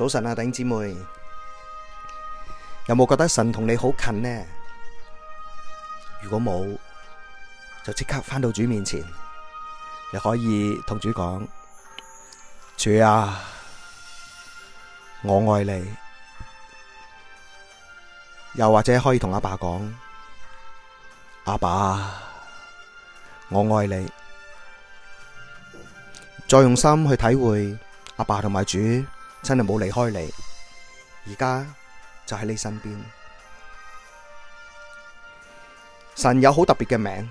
早晨啊，弟兄姊妹，有冇覺得神同你好近呢？如果冇，就即刻翻到主面前，你可以同主講：主啊，我愛你。又或者可以同阿爸講：阿爸，爸，我愛你。再用心去體會阿爸同埋主。真係冇離開你，而家就喺你身邊。神有好特別嘅名，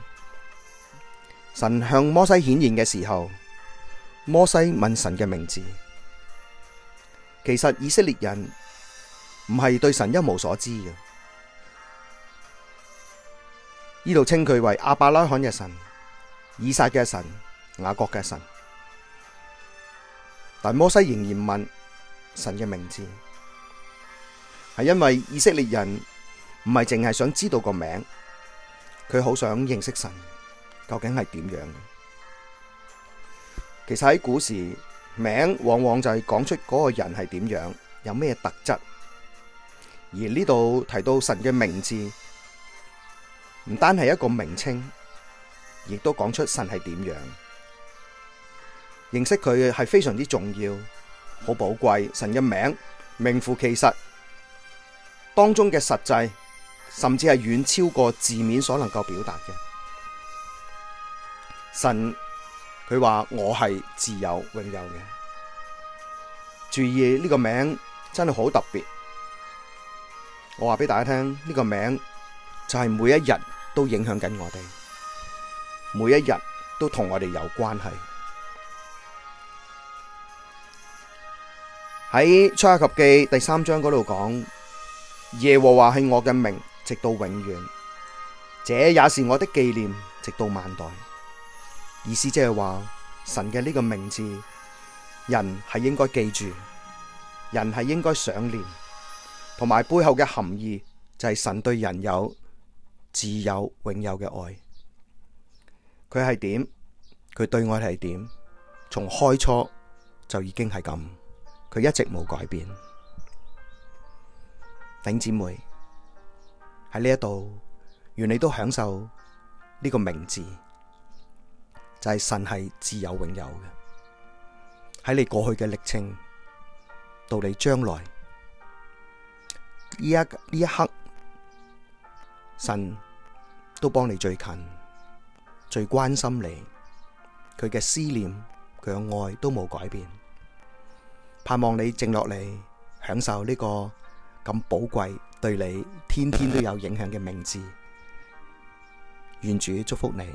神向摩西顯現嘅時候，摩西問神嘅名字。其實以色列人唔係對神一無所知嘅，呢度稱佢為阿伯拉罕嘅神、以撒嘅神、雅各嘅神，但摩西仍然問。神嘅名字係，因為以色列人唔係淨係想知道個名，佢好想認識神究竟係點樣。其實喺古時，名往往就係講出嗰個人係點樣，有咩特質。而呢度提到神嘅名字，唔單係一個名稱，亦都講出神係點樣，認識佢係非常之重要。好寶貴，神嘅名名副其實，當中嘅實際甚至係遠超過字面所能夠表達嘅。神佢話我係自有永有嘅，注意呢個名真係好特別。我話俾大家聽，呢個名就係每一日都影響緊我哋，每一日都同我哋有關係。喺出埃及記第三章嗰度講，耶和華係我嘅名，直到永遠，這也是我的紀念，直到萬代。意思即係話，神嘅呢個名字，人係應該記住，人係應該想念，同埋背後嘅含義就係神對人有自有、永有嘅愛。佢係點，佢對愛係點，從開初就已經係咁。佢一直冇改變，頂姊妹喺呢一度，願你都享受呢個名字，就係神係自有永有嘅，喺你過去嘅歷程，到你將來，呢一呢一刻，神都幫你最近，最關心你，佢嘅思念，佢嘅愛都冇改變。盼望你靜落嚟享受呢個咁寶貴、對你天天都有影響嘅名字，願主祝福你。